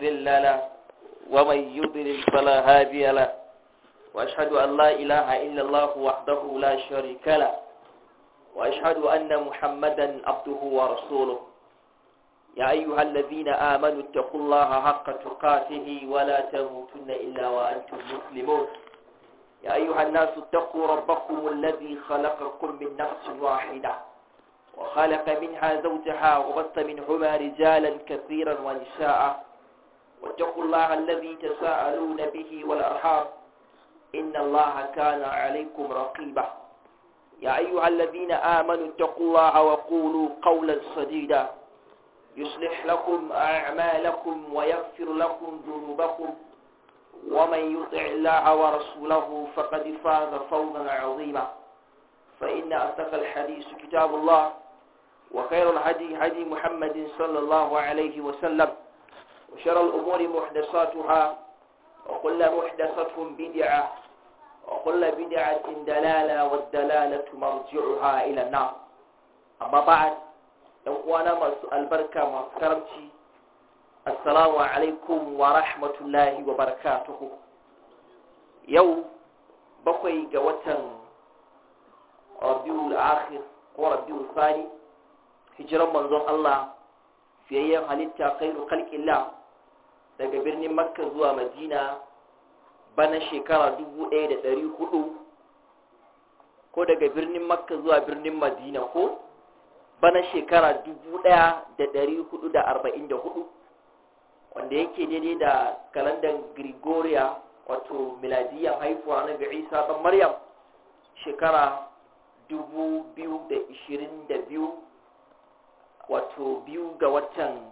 مضل له ومن يضلل فلا هادي له وأشهد أن لا إله إلا الله وحده لا شريك له وأشهد أن محمدا عبده ورسوله يا أيها الذين آمنوا اتقوا الله حق تقاته ولا تموتن إلا وأنتم مسلمون يا أيها الناس اتقوا ربكم الذي خلقكم من نفس واحدة وخلق منها زوجها وبث منهما رجالا كثيرا ونساء واتقوا الله الذي تساءلون به والأرحام إن الله كان عليكم رقيبا يا أيها الذين آمنوا اتقوا الله وقولوا قولا سديدا يصلح لكم أعمالكم ويغفر لكم ذنوبكم ومن يطع الله ورسوله فقد فاز فوزا عظيما فإن أصدق الحديث كتاب الله وخير الهدي هدي محمد صلى الله عليه وسلم وشر الأمور محدثاتها وكل محدثة بدعة وكل بدعة دلالة والدلالة مرجعها إلى النار أما بعد يوانا مسوء البركة مكرمتي السلام عليكم ورحمة الله وبركاته يوم بقي جوة ربيع الآخر وربيع الثاني hijiran manzon Allah fiyayyen halitta khairu khalqillah daga birnin makka zuwa madina bana shekara huɗu, ko daga birnin makka zuwa birnin madina ko bana shekara huɗu, wanda yake daidai da kalandar gregoria wato miladiyyar haifuwa na ga isa ɗan maryam shekara biyu wato biyu ga watan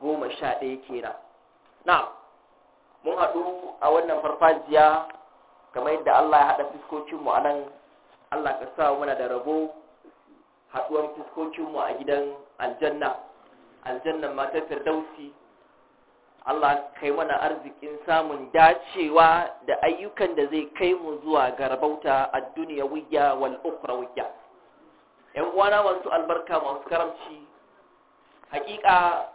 goma sha ɗaya kenan na mun haɗu a wannan farfajiya kamar yadda Allah ya haɗa fuskokinmu a nan Allah ka sa muna da rabo haɗuwar fuskokinmu a gidan aljanna aljannan matar firdausi Allah kai mana arzikin samun dacewa da ayyukan da zai kai mu zuwa garbauta a duniya wuyya wal ukra wuyya yan uwana masu albarka masu karamci hakika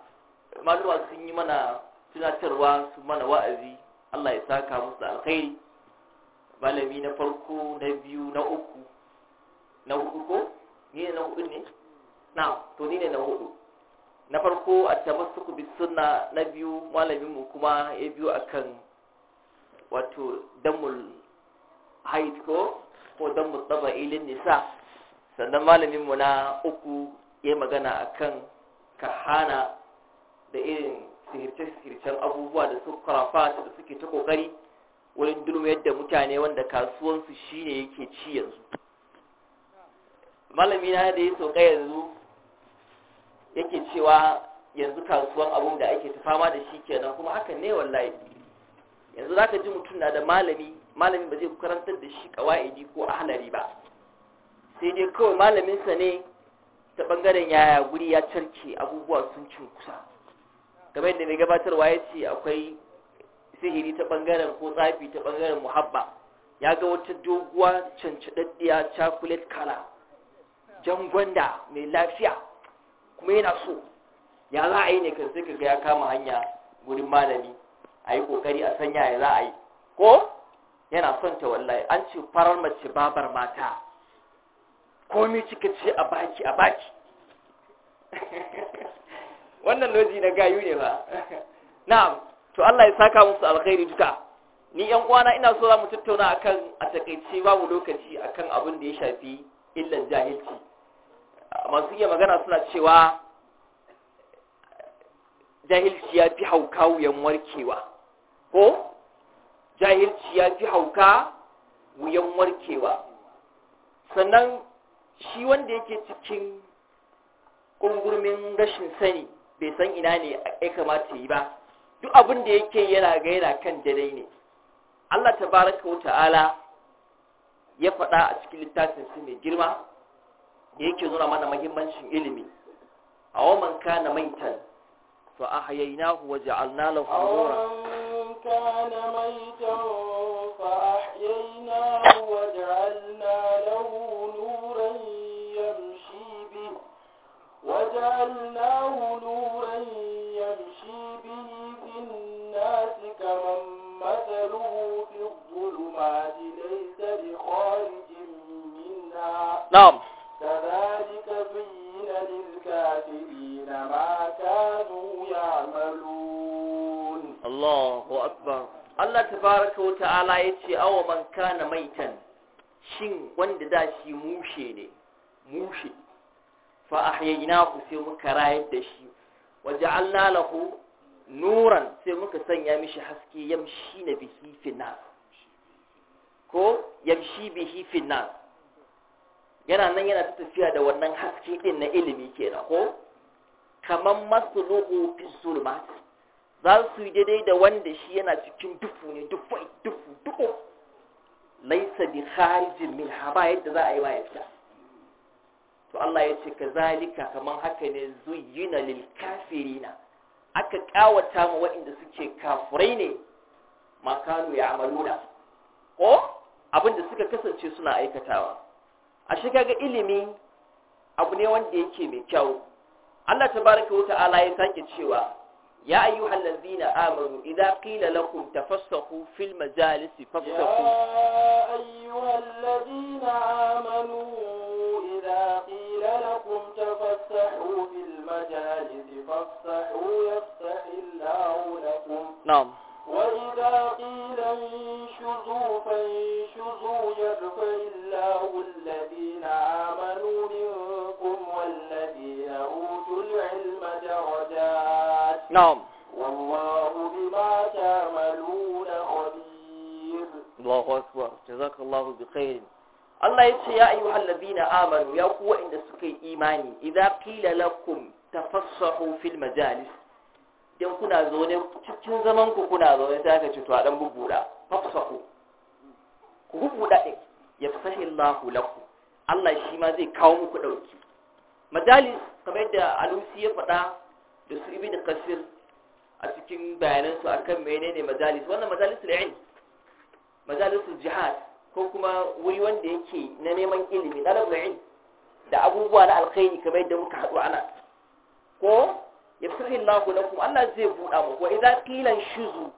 maluwa sun yi mana tunatarwa su mana wa'azi Allah ya saka musu alkhairi malami na farko na biyu na uku na hudu ko ni ne na hudu ne na to ni ne na hudu na farko a tamassuku bi sunna na biyu malamin mu kuma ya biyu akan wato damul haid ko ko damul tabailin nisa sannan malamin mu na uku ya magana akan kahana da irin sihirce-sihircen abubuwa da su karafa da suke ta kokari wurin dulmayar da mutane wanda kasuwansu shi ne yake ci yanzu malami na da ya sauka yanzu yake cewa yanzu kasuwan abin da ake ta fama da shi kenan kuma hakan ne wallahi yanzu za ka ji mutum na da malami malami ba zai karantar da shi kawa'idi ko a ahalari ba sai dai kawai malaminsa ne ta bangaren yaya guri ya carke abubuwa sun cin kusa. kamar yadda mai gabatarwa ya ce akwai sihiri ta bangaren ko tsafi ta bangaren muhabba ya ga wata doguwa cancadaddiya chocolate kala jan gwanda mai lafiya kuma yana so ya za a yi ne kan sai ga ya kama hanya gudun malami a yi kokari a sanya ya za a yi ko yana son ta wallahi an ce farar mace babar mata komi cika ce a baki a baki wannan noji na gayu ne ba na'am to Allah ya saka musu alkhairi duka ni yan uwana ina so za mu tattauna akan a takeice babu lokaci akan abin da ya shafi illan jahilci masu iya magana suna cewa jahilci ya fi hauka wuyan warkewa ko jahilci ya fi hauka wuyan warkewa sannan shi wanda yake cikin ƙungurmin rashin sani bai san ina ne ya kamata yi ba duk abin da yake yana ga yana kan daidai ne Allah tabaraka wata'ala ya faɗa a cikin littafin su mai girma da yake nuna mana mahimmancin ilimi a waman kana maitan fa ahyaynahu wa ja'alna nuran جعلناه نورا يمشي به في الناس كمن مثله في الظلمات ليس بخارج منها نعم كذلك زين للكافرين ما كانوا يعملون الله أكبر Allah tabaraka wa ta'ala yace awa man kana maitan shin wanda da shi mushe ne mushe fa ahyaynahu sai muka rayar da shi waja'alna lahu nuran sai muka sanya mishi haske yamshi na bihi finnas ko yamshi bihi finnas yana nan yana tafiya da wannan haske din na ilimi kenan ko kaman masluhu fi zulmat za su yi daidai da wanda shi yana cikin dufu ne dufu dufu dufu laisa bi kharijin min haba yadda za a yi ba ya to Allah ya ce kazalika kaman haka ne zuyyina lil kafirina aka kawata mu waɗanda suke kafirai ne makanu ya amaluna ko abinda suka kasance suna aikatawa a shi kaga ilimi abu ne wanda yake mai kyau Allah tabaraka wa ta'ala ya sake cewa ya ayyuhal ladzina amanu idza qila lakum tafassahu fil majalisi fafassahu ya ayyuhal ladzina amanu إذا قيل لكم تفسحوا في المجالس فافسحوا يفسح الله لكم نعم وإذا قيل انشزوا فانشزوا يرفع الله الذين آمنوا منكم والذين أوتوا العلم درجات نعم والله بما تعملون خبير الله أكبر جزاك الله بخير Allah ya ce ya ayyuhal halabina amanu ya kuwa inda suka yi imani idza qila lakum tafassahu fil majalis idan kuna zaune cikin zaman ku kuna zaune sai aka ce to a dan bubuda tafassahu ku bubuda din yafsahi Allah lakum Allah shi ma zai kawo muku dauki majalis kamar yadda alusi ya faɗa da su ibn kasir a cikin bayanansu akan menene majalis wannan majalisul ilm majalisul jihad ko kuma wuri wanda yake na neman ilimi ɗalibul da abubuwa na alkhairi kamar yadda muka haɗu ana ko ya yafsihi Allahu lakum Allah zai buɗa muku wa idza shizu,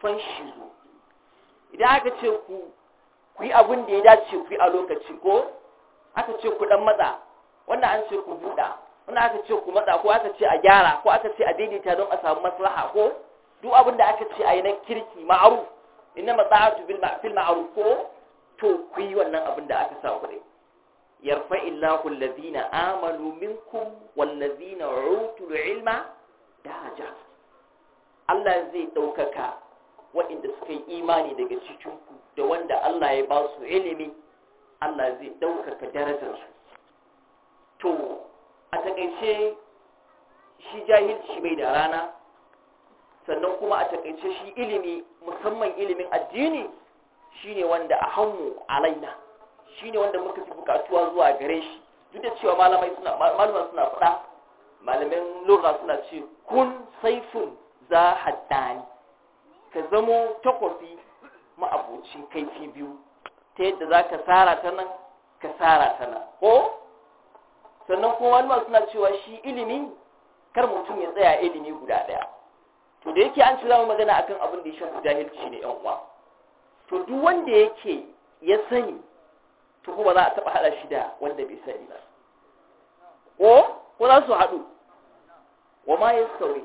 fan shizu. idan aka ce ku ku yi abin da ya dace ku yi a lokaci ko aka ce ku dan matsa wannan an ce ku buɗa wannan aka ce ku matsa ko aka ce a gyara ko aka ce a daidaita don a samu maslaha ko duk abin da aka ce a yi na kirki ma'aruf inna mata'atu bil ma'ruf ko to ku yi wannan abin da aka sa kure yarfa illahu allazina amanu minkum wallazina utul ilma daraja Allah zai daukaka waɗanda suka yi imani daga cikin ku da wanda Allah ya ba su ilimi Allah zai daukaka darajar su to a takaice shi jahilci bai da rana sannan kuma a takaice shi ilimi musamman ilimin addini Shi ne wanda a hannu alaina ne wanda muka fi bukatuwa zuwa gare shi duk da cewa malamai suna malaman suna faɗa malamin lura suna ce kun saifin za haddani ka zamo takwafi ma'abocin kaifi biyu ta yadda za ka tsara ta nan ka tsara ta nan ko sannan kuma malaman suna cewa shi ilimi kar mutum ya tsaya ilimi guda ɗaya to da yake an ci zama magana akan abin da ya shafi jahilci ne yan uwa to duk wanda yake ya sani to kuma za a taba hada shi da wanda bai sani ba ko ko za su hadu wa ma yastawi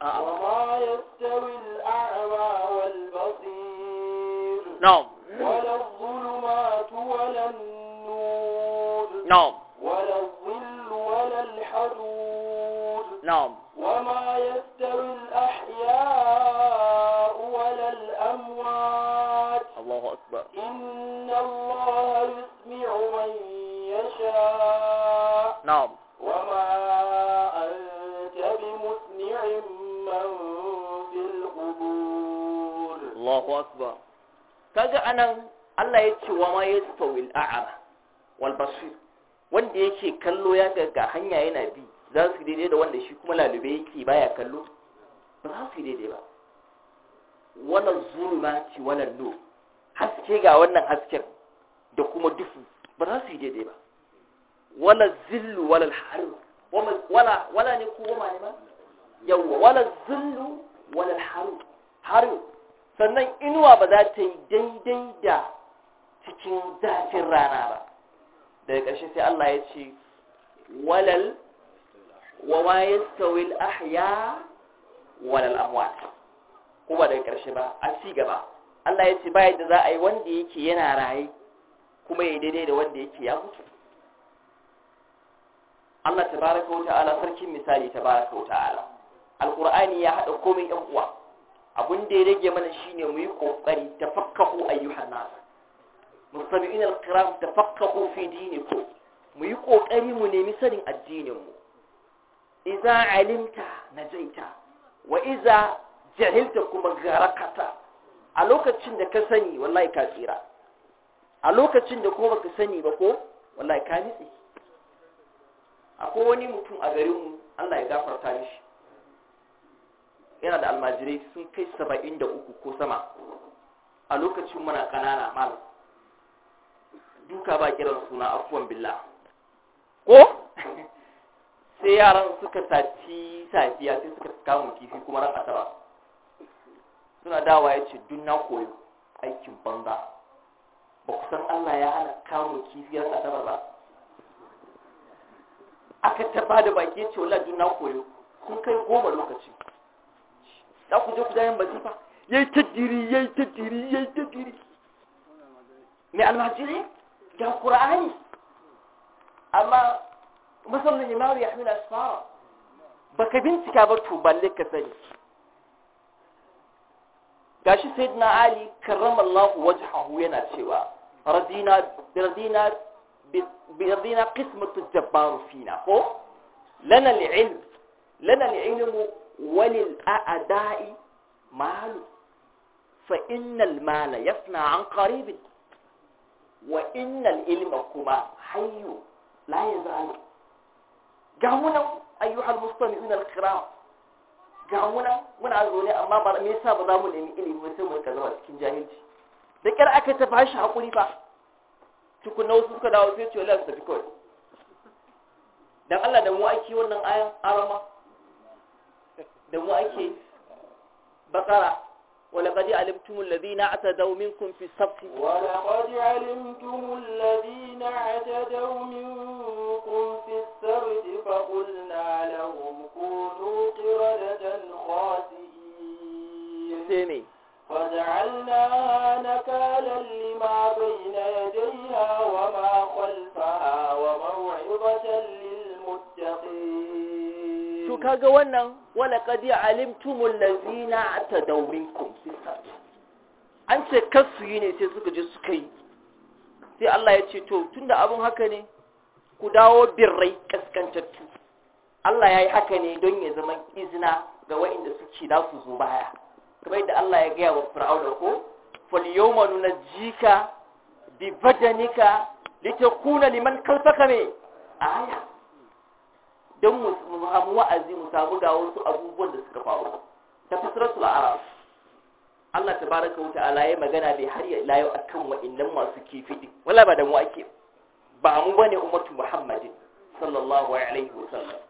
wa ma yastawi al-a'ma wal basir na'am wala dhulumatu wala an-nur na'am wala zill wala al-hadur na'am wa ma yastawi الله أكبر إن الله يسمع من يشاء نعم وما أنت بمسمع من في القبور الله أكبر كذا أنا Allah ya ce wa ma ya wanda yake kallo ya ga hanya yana bi za su daidai da wanda shi kuma lalube yake baya kallo ba za su daidai ba wala zulma ci nur haske ga wannan hasken da kuma dufu ba za su yi daidai ba wala zillu wala harir wala wala ne ko ma ne ma yawwa wala zillu wala harir harir sannan inuwa ba za ta yi daidai da cikin zafin rana ba daga ƙarshe sai Allah ya ce walal wa ma yastawil al ahya wal amwat kuma daga ƙarshe ba a ci gaba Allah ya ce ba yadda za a yi wanda yake yana raye kuma ya daidai da wanda yake ya mutu Allah tabaraka wuta Ala, sarkin misali ta tabaraka wuta Ala, Alƙur'ani ya haɗa komai yan uwa abun da ya rage mana shine mu yi ƙoƙari ta a kokari tafakkahu ayyuhan nas mustabi'in alkiram tafakkahu fi ko, mu yi ƙoƙari mu nemi sanin addinin mu idza alimta najaita wa iza jahilta kuma garakata a lokacin da ka sani wallahi ka tsira a lokacin da kuma baka sani ba ko wallahi ka nitse akwai wani mutum a garinmu Allah ya gafarta mishi yana da almajirai sun kai saba'in da uku ko sama a lokacin muna ƙanana mal duka ba kiran suna afuwan billah ko sai yaran suka saci safiya sai suka kama kifi kuma ran asaba suna dawa ya ce dun na koyi aikin banza ba ku san Allah ya hana kawo kifiyar asabar ba aka taba da baki ya ce wala dun na koyi kun kai goma lokaci za ku je ku dayan bazifa yayi tadiri yayi tadiri yayi tadiri ne almajiri da qur'ani amma masallin imamu ya hamila asfara baka bincika ba to balle ka sani سيدنا علي كرم الله وجهه وين cewa radina radina بيرضينا قسمة الجبار فينا هو لنا العلم لنا العلم وللأعداء مال فإن المال يفنى عن قريب وإن العلم كما حي لا يزال جاونا أيها المستمعون الكرام ga muna muna zaune amma ba me yasa ba mu nemi ilimi sai mu rika zama cikin jahilci da kyar aka ta bashi hakuri fa tukunna wasu suka dawo sai ce wallahi su tafi kawai dan Allah da mu ake wannan ayan arama da mu ake bakara ولقد علمتم الذين اعتدوا منكم في الصف ولقد علمتم الذين اعتدوا منكم في الصف وقلنا لهم كونوا قردة خاسئين وجعلناها نكالا لما بين يديها وما خلفها وموعظة للمتقين شو كاغا wannan ولقد علمتم الذين اعتدوا منكم an ce kasu yi ne sai suka je suka yi sai Allah ya ce to tunda abun haka ne ku dawo birrai kaskantattu Allah ya yi haka ne don ya zama izina ga waɗanda suke za su zo baya kamar da Allah ya gaya wa fir'auna ko falyawma jika bi badanika litakuna liman khalfaka me aya don mu samu wa'azi mu samu ga wasu abubuwan da suka faru ta fasratul arab Allah tabaraka wa ta'ala ya magana bai har ya layo akan wa'annan masu kifi din wala ba da mu ake ba mu bane ummatu muhammadin sallallahu alaihi wasallam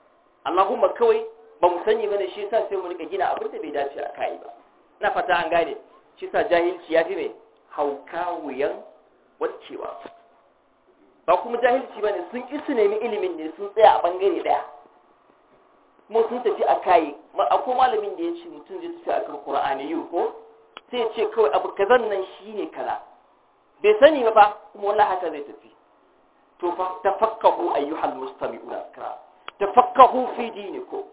Allahumma kawai ba mu sani bane shi yasa sai mu rika gina abin da bai dace a kai ba Ina fata an gane shi yasa jahilci ya fi mai hauka wuyan ba kuma jahilci bane sun ki su nemi ilimin ne sun tsaya a bangare daya kuma sun tafi a kai akwai malamin da ya ce mutum zai tafi akan qur'ani yau ko sai ya ce kawai abu kazan nan shine kaza bai sani ba kuma wallahi haka zai tafi to fa tafakkahu ayyuhal mustami'una kara tafakkahu fi dinikum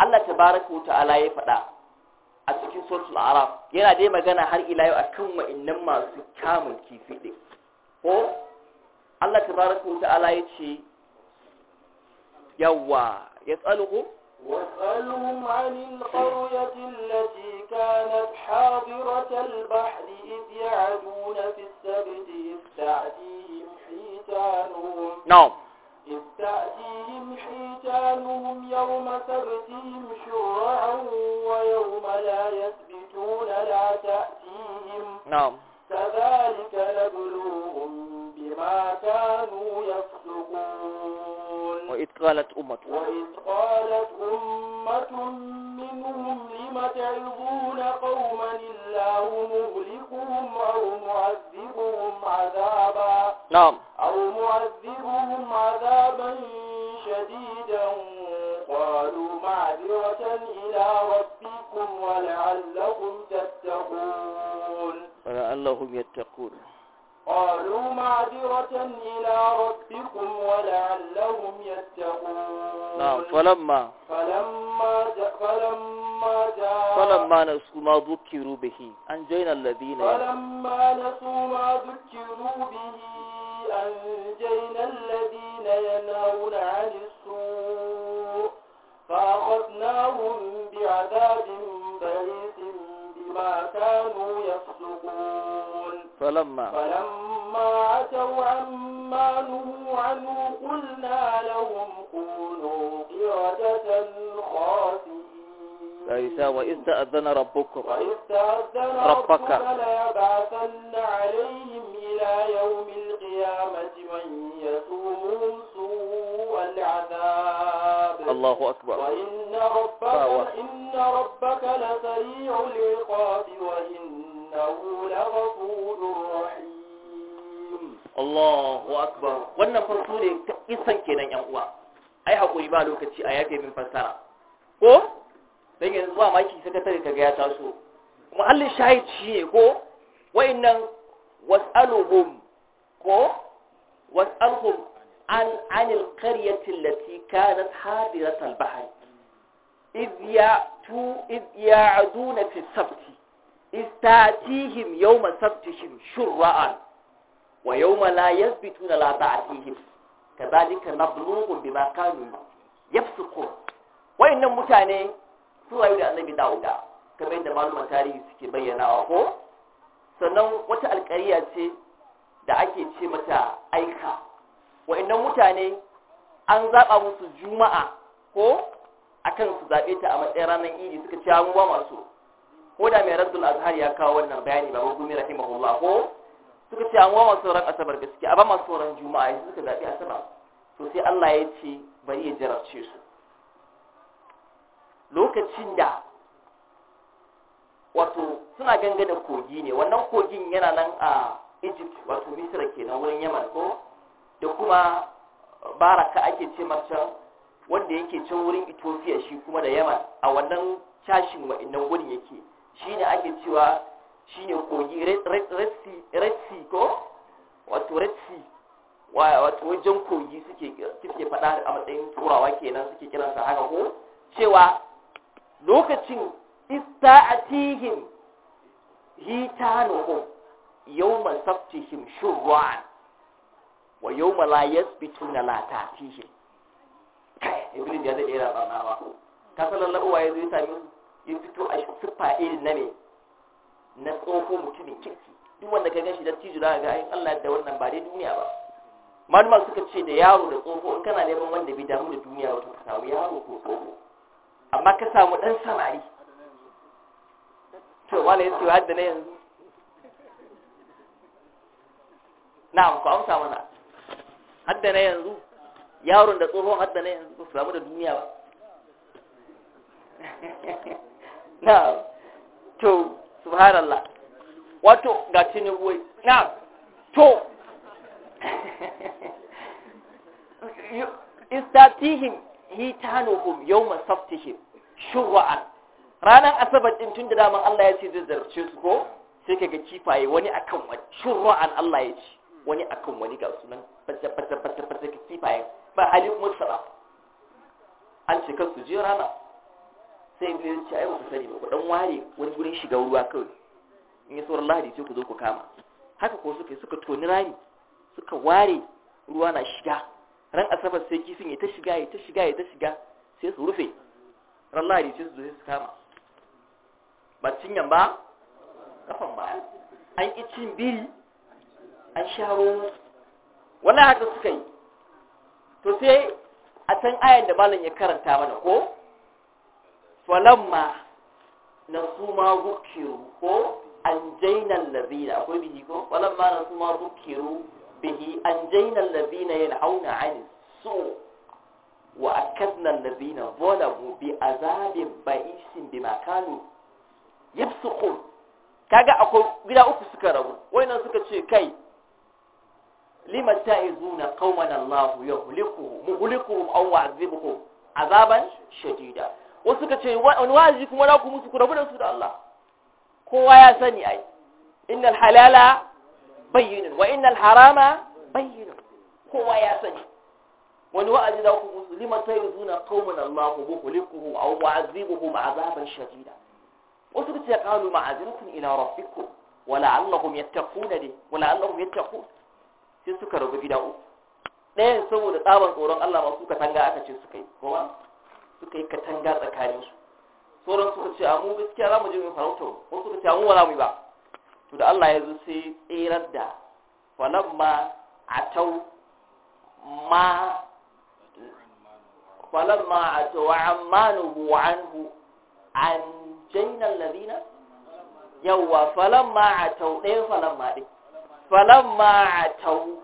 Allah tabaraka ta'ala ya faɗa a cikin suratul araf yana dai magana har ila yau akan wa'annan masu kamun kifi din ko Allah tabaraka wa ta'ala ya ce yawa yas'aluhum واسألهم عن القرية التي كانت حاضرة البحر إذ يعدون في السبت إذ تعديهم حيتانهم نعم no. إذ تأتيهم حيتانهم يوم سبتهم شرعا ويوم لا يثبتون لا تأتيهم نعم كذلك نبلوهم بما كانوا يفسقون وإذ قالت أمة وإذ قالت أمة منهم لم تعظون قوما الله مهلكهم أو معذبهم عذابا نعم أو معذبهم عذابا شديدا قالوا معذرة إلى ربكم ولعلهم تتقون ولعلهم يتقون قالوا معذرة إلى ربكم ولعلهم يتقون نعم فلما فلما جاء فلما جاء فلما نسوا ما ذكروا به أنجينا الذين فلما نسوا ما ذكروا به أنجينا الذين ينهون عن السوء فأخذناهم بعذاب بليس بما كانوا يفسقون فلما فلما أتوا عما نهوا عنه قلنا لهم كونوا قردة خاسرين عيسى وإذ تأذن ربكم وإذ تأذن ربك ليبعثن عليهم إلى يوم القيامة من يسومهم سوء العذاب الله أكبر وإن ربك, إن ربك لسريع العقاب وإنه لغفور رحيم الله akbar wannan farko ne isan kenan yan uwa ai hakuri ba lokaci a yafe min fassara ko dan yanzu ba maki sakatare kaga ya taso kuma Allah shahidi ne ko wa'annan was'aluhum ko wasalhum an anil qaryatin lati kanat hadirat albahr id ya tu id ya'duna fi sabti istatihim yawma sabtihim shurran wa yawma la yathbituna la ta'tihim kadhalika nabluhum bima kanu yafsukun wa innam mutane su ayu da annabi dauda kamar da malumar tarihi suke bayyana ko sannan wata alkariya ce da ake ce mata aika wa'annan mutane an zaɓa musu juma'a ko akan su zaɓe ta a matsayin ranar idi suka ci mu masu ko da mai raddul azhar ya kawo wannan bayani ba gumi rahimahullah ko suka ci an masu ran asabar gaske a ba masu ran juma'a yanzu suka zaɓe asabar to sai Allah ya ce bari ya jarabce su lokacin da wato suna gangana kogi ne wannan kogin yana nan a egypt wato misira kenan wurin yaman ko da kuma uh, baraka ake ce masa wanda yake can wurin ethiopia shi kuma da yaman a wannan cashin wa'annan wurin yake shine ake cewa shine kogi red sea ko wato red sea wato wajen kogi suke faɗa a matsayin turawa kenan suke kiransa haka ko cewa lokacin ista'atihim hitanuhum yawma saftihim shurwan wa yawma la yasbituna la tatihim ibnu ya zai era barnawa ta sanar na uwaye zai sami in fito a sifa il na me na tsofo mutumin kirki duk wanda ka ganshi da tijo zaka ga ayin Allah da wannan ba dai duniya ba malama suka ce da yaro da tsoho in kana neman wanda bai damu da duniya wato ka samu yaro ko tsoho amma ka samu dan samari to wala yace hadda na yanzu na ku amsa mana hadda na yanzu yaron da tsohon hadda na yanzu su samu da duniya ba na to subhanallah wato ga tinubu na to istatihim hitanuhum yawma saftihim shuwa'an ranar asabar din tun da daman Allah ya ce zai zarce su ko sai kaga kifaye wani akan wani shuwa'an Allah ya ce wani akan wani ga sunan fata fata fata fata kifayen ba halin musara an ce kan su je rana sai ibn ya ce ai ku sani ba ku dan ware wani gurin shiga ruwa kawai in yi sauran lahadi sai ku zo ku kama haka ko suka suka toni rani suka ware ruwa na shiga ran asabar sai kifin ya ta shiga ya ta shiga ya ta shiga sai su rufe ran lahadi sai su zo su kama ba cinyan ba kafan ba an ƙi cin biri an sharo wala haka suka yi to sai a can ayan da malam ya karanta mana ko falamma na kuma ma ko an jainan lazina akwai bihi ko falamma na kuma ma bihi an jainan lazina yana hauna ani so wa akadna bola zalamu bi azabin ba'isin bima kanu yafsukun kaga akwai gida uku suka rabu wayannan suka ce kai lima ta'izuna qauman Allah yuhlikuhum muhlikuhum aw yu'adhibuhum azaban shadida wasu ka ce wani wazi kuma za ku musu ku rabu da su da Allah kowa ya sani ai innal halala bayyinun wa innal harama bayyinun kowa ya sani wani wa'azi za ku musu liman tayyizuna qauman Allah muhlikuhum aw yu'adhibuhum azaban shadida wasu ka ce qalu ma'azratun ila rabbikum wa la'allahum yattaquna wa la'allahum yattaquna sai suka rabu gida uku ɗayan saboda tsaban tsoron Allah masu katanga aka ce suka yi kuma suka yi katanga tsakaninsu sauran suka ce amu gaskiya za mu je mu farauta ko suka ce amu ba za mu yi ba to da Allah ya zo sai tsirar da falamma atau ma falamma atau ammanuhu anhu an jainal ladina yawa falamma atau ɗaya falamma ɗin falamma atau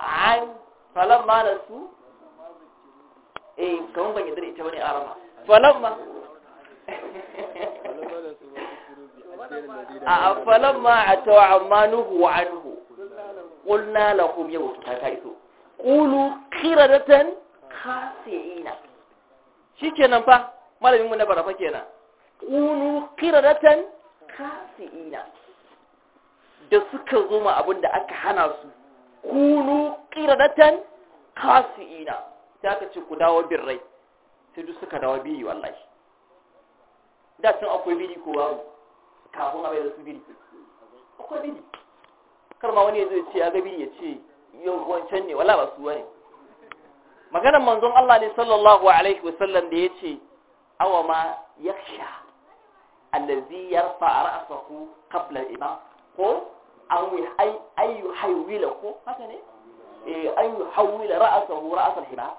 an falamma nasu eh kawun ban yadda ita bane arama falamma a falamma atau amma nuhu anhu qulna lahum yau ta ta iso qulu qiradatan khasi'ina shikenan fa malamin mu na barafa kenan qulu qiradatan khasi'ina da suka zo ma abin da aka hana su kunu qiradatan khasiina sai aka ce ku dawo bin rai sai duk suka dawo biyu wallahi da sun akwai biri ko babu kafin abai da su biri akwai biri kar ma wani ya zo ya ce ya ga biri ya ce yau wancan ne wala ba su wani maganar manzon Allah ne sallallahu alaihi wasallam da ya ce awa ma yaksha allazi yarfa ra'asa qabla al-imam ko an yi ko haka ne an yi haiwila ra'asahu ra'asar hima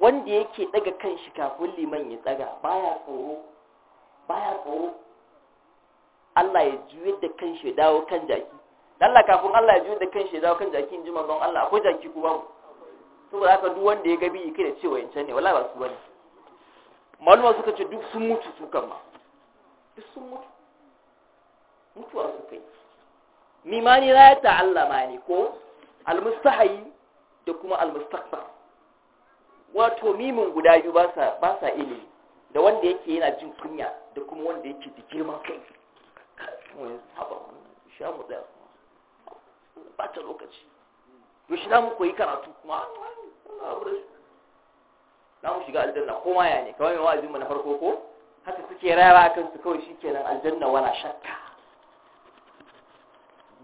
wanda yake daga kan shi kafin liman ya tsaga baya tsoro baya tsoro Allah ya juye da kan shi dawo kan jaki Allah kafin Allah ya juye da kan shi dawo kan jaki in ji manzon Allah akwai jaki ko babu saboda haka duk wanda ya gabi kai da cewa yancan ne wallahi ba su bane malama suka ce duk sun mutu su kan ma duk sun mutu mutuwa su kai mimani na ya ta'allama ne ko almustahayi da kuma almustaqbal wato mimin guda biyu ba sa ba ilimi da wanda yake yana jin kunya da kuma wanda yake da girman kai mun saba sha mu da ba ta lokaci to shi mu koyi karatu kuma na mu shiga aljanna ko maya ne kawai wa'azin mu na farko ko haka suke rayuwa kan su kawai nan aljanna wana shakka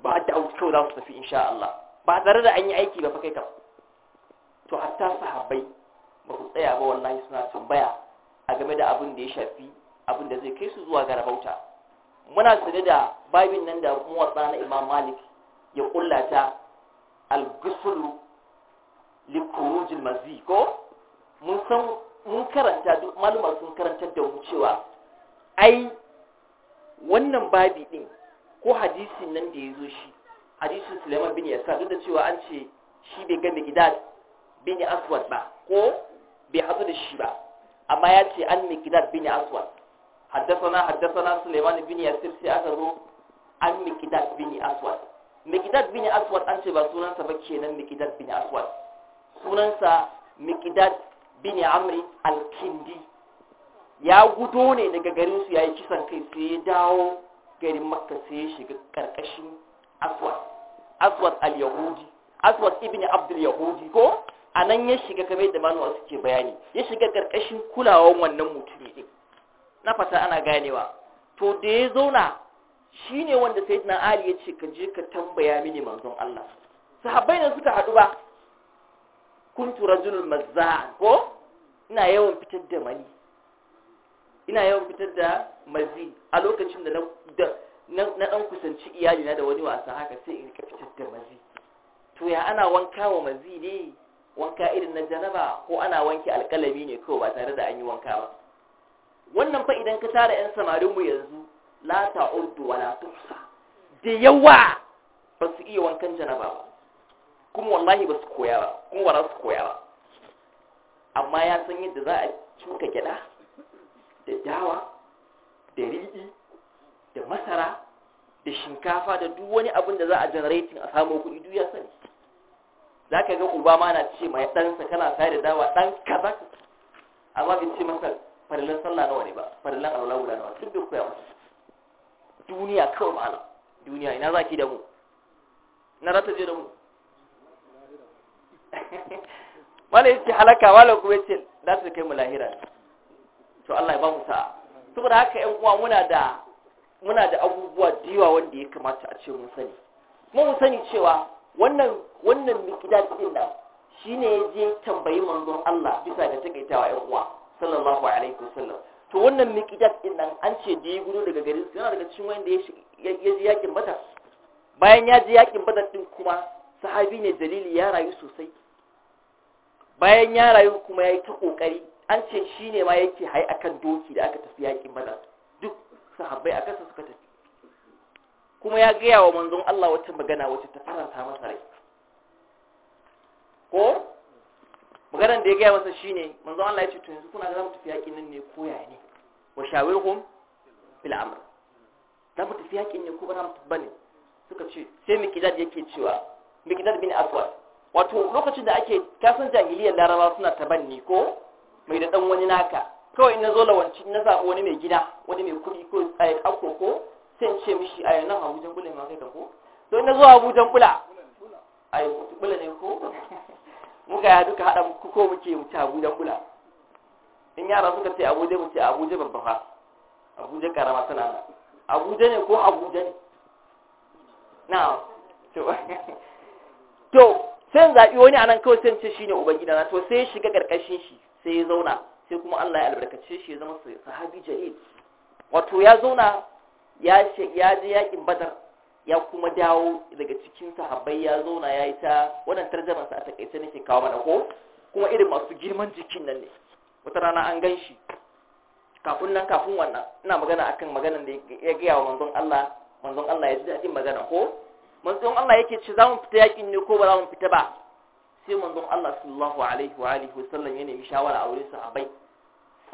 ba da auki kyau za su tafi insha Allah ba tare da an yi aiki ba fa kai kam to hatta sahabbai ba su tsaya ba wallahi suna tambaya a game da abin da ya shafi abin da zai kai su zuwa ga rabauta muna tsare da babin nan da wasa na Imam Malik ya kullata al-ghusl li khuruj al-mazi ko mun san mun karanta duk malumar sun karantar da mu cewa ai wannan babi din ko hadisin nan da ya zo shi hadisin Sulaiman bin Yasa duk da cewa an ce shi bai ga Miqdad bin Aswad ba ko bai hadu da shi ba amma ya ce an Miqdad bin Aswad haddathana haddathana Sulaiman bin Yasir sai aka zo an Miqdad bin Aswad Miqdad bin Aswad an ce ba sunansa ba kenan Miqdad bin Aswad sunansa Miqdad bin Amri al-Kindi ya gudo ne daga garin su yayi kisan kai sai ya dawo garin makka sai ya shiga karkashin aswad aswad al-yahudi aswad ibn abdul yahudi ko a ya shiga kamar da manuwa suke bayani ya shiga karkashin kulawan wannan mutumi din na fata ana ganewa to da ya zauna shine wanda sayyidina ali ya ce ka je ka tambaya mini manzon Allah sahabbai ne suka hadu ba kuntu rajulul mazza ko ina yawan fitar da mani ina yawan fitar da mazi a lokacin da na ɗan kusanci iyalina da wani wasa haka sai in ka fitar da mazi to ya ana wanka wa mazi ne wanka irin na janaba ko ana wanke alƙalami ne kawai ba tare da an yi wanka ba wannan fa idan ka tara 'yan samarinmu yanzu la ta'uddu wala tuhsa da yawa ba su iya wankan janaba ba kuma wallahi ba su koya ba kuma ba su koya ba amma ya san yadda za a cuka gyada da dawa da riɗi da masara da shinkafa da duk wani abin da za a generating a samu kuɗi duk ya sani za ka ga uba ma na ce mai ɗansa kana sayar da dawa ɗan kaza amma bai ce masa farilan sallah nawa ne ba farilan alwala guda nawa tun bai koya masa duniya kawai ma'ana duniya ina za ki da mu na rata je da mu wala yake halaka wala kuma yace za su kai mu lahira to Allah ya ba mu sa'a saboda haka ƴan uwa muna da muna da abubuwa da yawa wanda ya kamata a ce mun sani mu mu sani cewa wannan wannan miqdad din nan shine ya je tambayi manzon Allah bisa ga takaitawa ƴan uwa sallallahu alaihi wasallam to wannan miqdad din nan an ce da ya gudu daga garin yana daga cikin wanda ya je yakin badar bayan ya je yakin badar din kuma sahabi ne dalili ya rayu sosai bayan ya rayu kuma ya yi ta ƙoƙari an ce shi ne ma yake hai akan doki da aka tafi yaƙin badar duk sahabbai a kasa suka tafi kuma ya gaya wa manzon Allah wata magana wata ta faranta masa rai ko maganar da ya gaya masa shine manzon Allah ya ce to yanzu kuna ga za mu tafi yaƙin nan ne ko ya ne wa shawirhum bil amr za mu tafi yaƙin ne ko ba za mu tafi suka ce sai mikidad yake cewa mikidad bin aswad wato lokacin da ake kasan jahiliyyar laraba suna tabanni ko mai da dan wani naka kawai na zo lawanci na zaɓi wani mai gida wani mai kuɗi ko tsaye akko ko sai ce mishi a nan abujan kula ma kai ka ko don na zo abujan kula a yi kula ne ko muka ya duka haɗa muku ko muke mu ci abujan kula in yara suka ce abuja mu ce abuja babba fa abuja karama tana nan abuja ne ko abuja ne na to sai zaɓi wani anan kawai sai ce shine ubangida na to sai shiga ƙarƙashin shi sai ya zauna sai kuma Allah ya albarkace shi ya zama sahabi jalil wato ya zauna ya je yakin badar ya kuma dawo daga cikin sahabbai ya zauna ya yi ta wannan tarjaman sa a takaice nake kawo mana ko kuma irin masu girman jikin nan ne wata rana an gan shi kafin nan kafin wannan ina magana akan maganan da ya gaya wa manzon Allah manzon Allah ya ji daɗin magana ko manzon Allah yake ce za mu fita yakin ne ko ba za mu fita ba sai manzon Allah sallallahu alaihi wa alihi wasallam ya nemi shawara a wurin sahabbai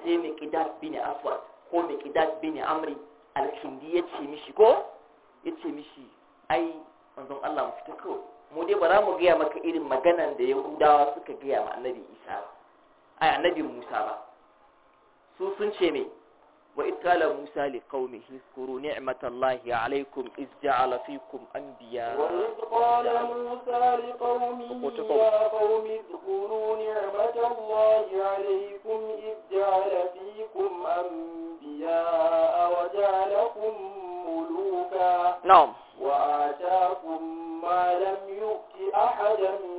sai miqdad bin aswad ko miqdad bin amri al-kindi ya ce mishi ko ya ce mishi ai manzon Allah mu fita kawai mu dai ba za mu gaya maka irin maganan da yahudawa suka gaya ma annabi isa ai annabi musa ba su sun ce me وإذ قال موسى لقومه اذكروا نعمة الله عليكم إذ جعل فيكم أنبياء وإذ قال موسى لقومه يا قوم اذكروا نعمة الله عليكم إذ جعل فيكم أنبياء وجعلكم ملوكا نعم وآتاكم ما لم يؤت أحدا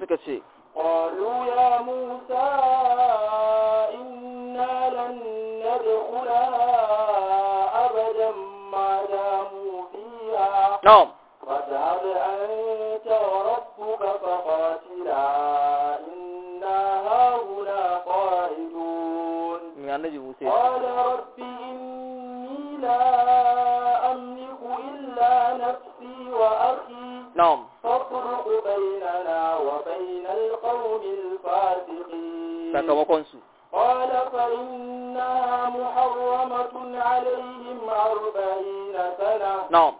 suka ce qalu ya musa inna lan nadkhula abadan ma damu وربك فقاتلا إنا هاهنا قاعدون يعني قال رب إني لا أملك إلا نفسي وأخي نعم يفرق بيننا وبين القوم الفاسقين قال فإنها محرمة عليهم أربعين سنة نعم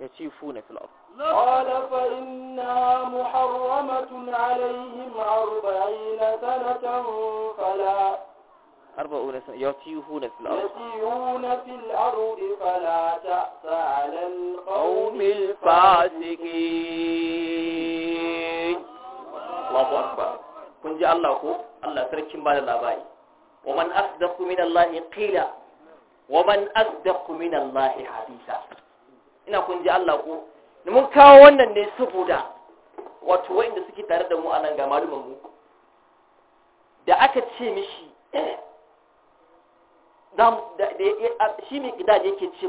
يشوفون في الأرض قال فإنها محرمة عليهم أربعين سنة فلا أربعون سنة يتيهون في الأرض يتيهون في الأرض فلا تأس على القوم الفاسقين الله أكبر kun ji Allah ko Allah sarkin bada labari wa man asdaqu min Allah qila wa man asdaqu min Allah hadisa ina kun ji Allah ko mun kawo wannan ne saboda wato wanda suke tare da mu a nan ga malumin mu da aka ce mishi shi ne gidan yake ce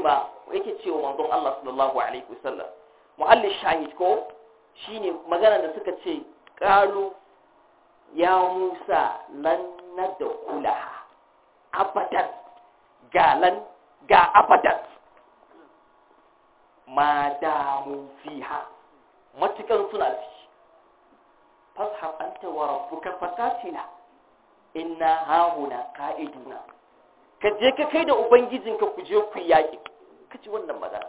yake ce wa manzon Allah sallallahu alaihi wasallam muhalli shahid ko ne magana da suka ce qalu ya Musa da kula abadan galan ga abadan ma damu fiha matukan suna fi fashab anta wa rabbuka fatatina inna hauna qa'iduna ka je ka kai da ubangijinka ku je ku yaƙi ka ci wannan magana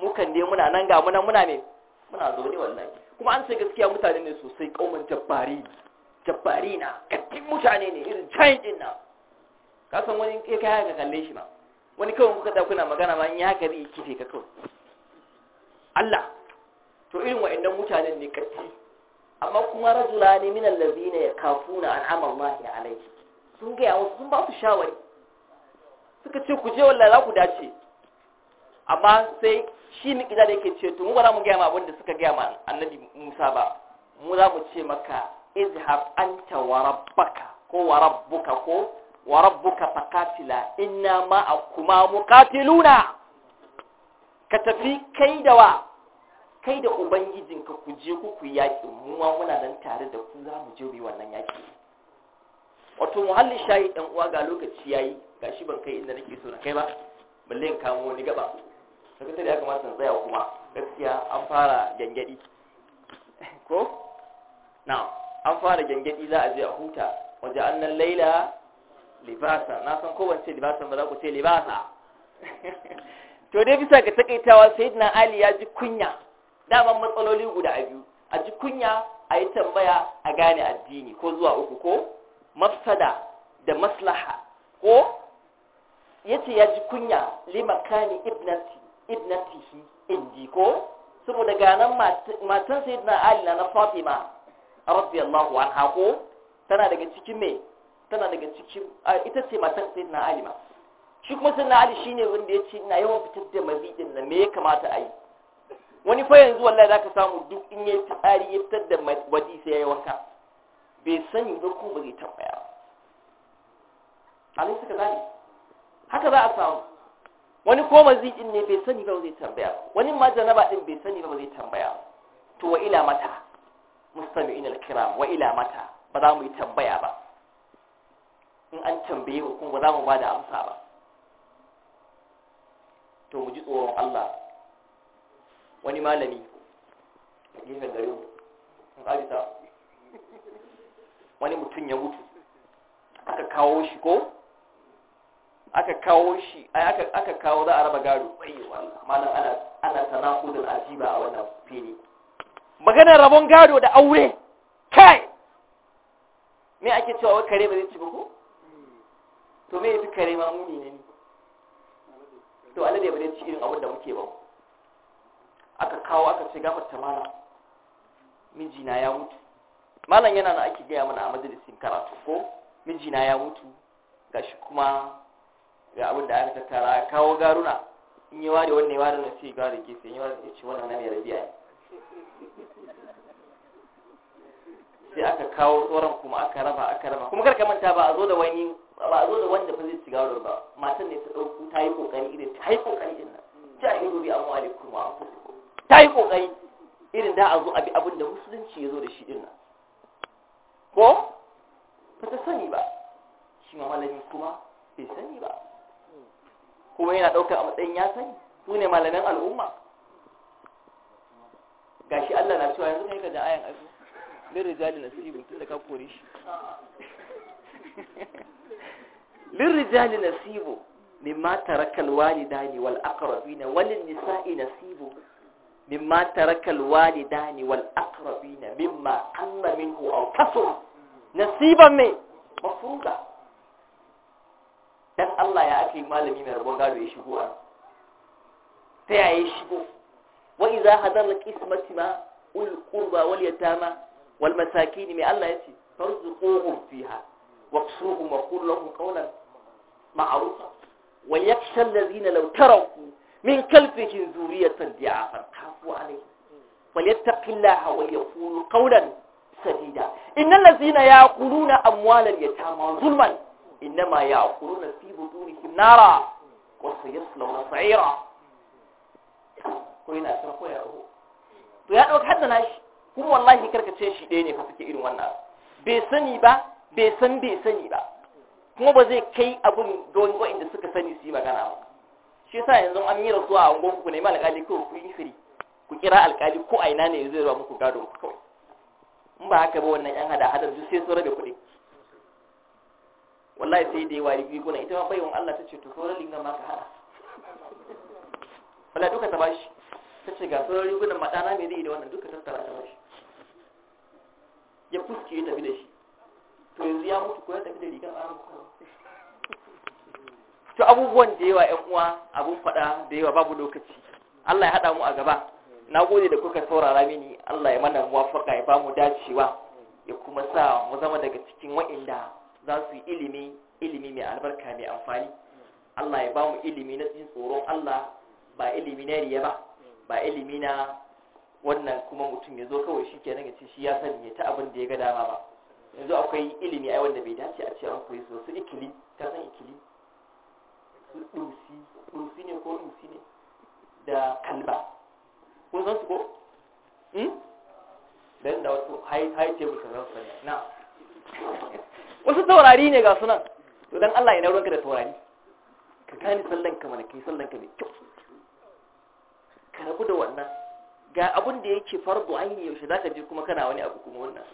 mukan ne muna nan ga muna muna ne muna ne wannan kuma an sai gaskiya mutane ne sosai kauman jabbari jabbari na kattin mutane ne irin giant din na ka san wani kai kai ka kalle shi ma wani kawai kuka da kuna magana ma in ya gari ki ce ka kawai Allah to irin wa'annan mutanen ne katti amma kuma rajulani ne min allazina yakafuna an ya alaihi sun ga yawo sun ba su shawari suka ce ku je wallahi za ku dace amma sai shi ni kida da yake ce to mu ba za mu gaya ma abin suka gaya ma annabi Musa ba mu za mu ce maka izhab anta wa rabbaka ko wa rabbuka ko wa rabbuka faqatila inna ma akuma muqatiluna ka tafi kai da wa kai da ubangijinka ku je ku ku yaƙi mu ma muna nan tare da ku za mu je mu yi wannan yaki wato muhallin shayi ɗan uwa ga lokaci yayi gashi ban kai inda nake so na kai ba balle in kamo ni gaba sakatare ya kamata na tsaya kuma gaskiya an fara gyangyaɗi ko na an fara gyangyaɗi za a je a huta waje annan laila libasa na san ko wance libasa ba za ku ce libasa to dai bisa ga takaitawa sayyidina ali ya ji kunya daman matsaloli guda biyu a ji kunya a yi tambaya a gane addini ko zuwa uku ko mafsada da maslaha ko yace ya ji kunya limakani ibnati ibnatihi inji ko saboda ganan matan sayyidina ali na fatima radiyallahu anha ko tana daga cikin me tana daga cikin ita ce matan sayyidina ali ma shi kuma sayyidina ali shine wanda yace ina yawan fitar da mazidin na me ya kamata a yi wani fa yanzu wallahi zaka samu duk in yayi tsari ya fitar da wadi sai yayi wanka bai sani ba ko ba zai tambaya alai suka gane haka za a samu wani ko mazikin ne bai sani ba zai tambaya wani ma janaba din bai sani ba zai tambaya to wa ila mata mustami'in al-kiram wa ila mata ba za mu yi tambaya ba in an tambaye mu kuma ba za mu ba da amsa ba to mu ji tsoron Allah wani malami gefen garin in ƙarita wani mutum ya mutu aka kawo shi ko aka kawo shi aka kawo za a raba gado malam ana ana tanakudin ajiba a wannan fili maganar rabon gado da aure kai me ake cewa wai kare ba zai ci ba ko to me yafi kare ma muni ne to da ya zai ci irin abin da muke ba aka kawo aka ce gafar tamala mijina ya mutu malam yana na ake gaya mana a majalisin karatu ko mijina ya mutu Ga shi kuma ga abin da aka tattara kawo garuna in yi ware wannan ware na sai gara ke sai yi ware da ce wannan na mai rabiya sai aka kawo tsoron kuma aka raba aka raba kuma kar ka manta ba a zo da wani ba a zo da wanda fazil cigarar ba matan ne ta dauko ta yi kokari irin ta yi kokari din nan ta yi rubi amma alaikum ta yi kokari irin da a zo abi abin da musulunci ya zo da shi din nan ko ba ta sani ba shi ma malami kuma bai sani ba kuma yana ɗaukar a matsayin ya sani su ne malamin al'umma gashi Allah na cewa yanzu ne da'ayan da lirin jali na nasibu tun da ka kore shi lirrijali ne mimma tarakal na wal aqrabina wal nisa'i nasibu مما ترك الوالدان والأقربين مما قل منه أو كثر نصيبا من مفروضا dan Allah ya aka yi malami mai rabon gado ya shigo a ta yaya shigo wa iza hadar da kismati ma ul qurba wal yatama wal masakin mai Allah ya ce farzuquhum fiha waqsuhum wa qul lahum qawlan ma'rufa wa yakhsha allazina law taraku min kalfihin zuriyatan farka kafu alai walyattaqillaha wa yaqulu qawlan sadida innal ladzina yaquluna amwalan yatama zulman innama yaquluna fi butunihim nara wa na sa'ira ko ina sarko ya ro to ya dauka na shi kuma wallahi karkace shi ɗaya ne fa suke irin wannan bai sani ba bai san bai sani ba kuma ba zai kai abun don wa'inda suka sani su yi magana ba shi sa yanzu an yi rasuwa a ungon ku nemi alƙali ko ku yi firi ku kira alƙali ko a ina ne zai zuwa muku gado ku kawai in ba haka ba wannan yan hada hadar duk sai sun da kuɗi wallahi sai da yawa biyu gona ita ma bayan Allah ta ce to sauran lingan ma ka hada wala duka ta bashi ta ce ga sauran rigunan maɗana mai zai yi da wannan duka tsara ta bashi ya fuske ya tafi da shi to yanzu ya mutu ko ya tafi da rigar aron kuma to abubuwan da yawa ƴan uwa abun faɗa da yawa babu lokaci Allah ya haɗa mu a gaba na gode da kuka saurara mini Allah ya mana muwafaka ya bamu dacewa ya kuma sa mu zama daga cikin wa'inda za su yi ilimi ilimi mai albarka mai amfani Allah ya bamu ilimi na cikin tsoron Allah ba ilimi na riya ba ba ilimi na wannan kuma mutum ya zo kawai shi kenan ya ce shi ya sani ya ta abin da ya ga dama ba yanzu akwai ilimi ai wanda bai dace a ce an koyi sosai ikili ta san ikili ɗunsi ɗunsi ne ko ɗunsi ne da kalba ko za su ko? Hmm? dan da wasu haice buka zan sani na wasu taurari ne ga sunan to don Allah ina ruwanka da taurari ka gane sallanka mana kai sallanka mai kyau ka rabu da wannan ga abin da yake fardu ainihi yaushe za ka ji kuma kana wani abu kuma wannan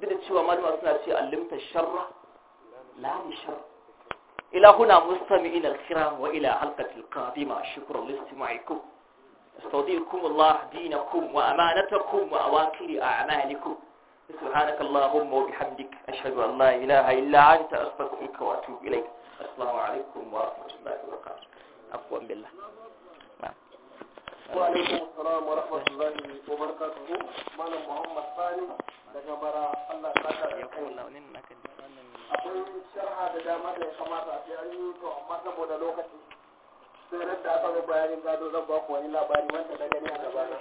duk da cewa malama suna ce allimta sharra la ni sharra إلى هنا مستمعين الكرام وإلى حلقة القادمة شكرا لاستماعكم استودعكم الله دينكم وأمانتكم وأواكل أعمالكم سبحانك اللهم وبحمدك أشهد أن لا إله إلا أنت أستغفرك وأتوب إليك السلام عليكم ورحمة الله وبركاته عفوا بالله نعم. وعليكم السلام ورحمة الله وبركاته مانا محمد صالح لجبر الله تعالى يقول لو ya akwai sharha da dama da ya kamata a sai yi to amma saboda lokaci sai da aka bayani gado zan ba ku wani labari wanda na gani a gabana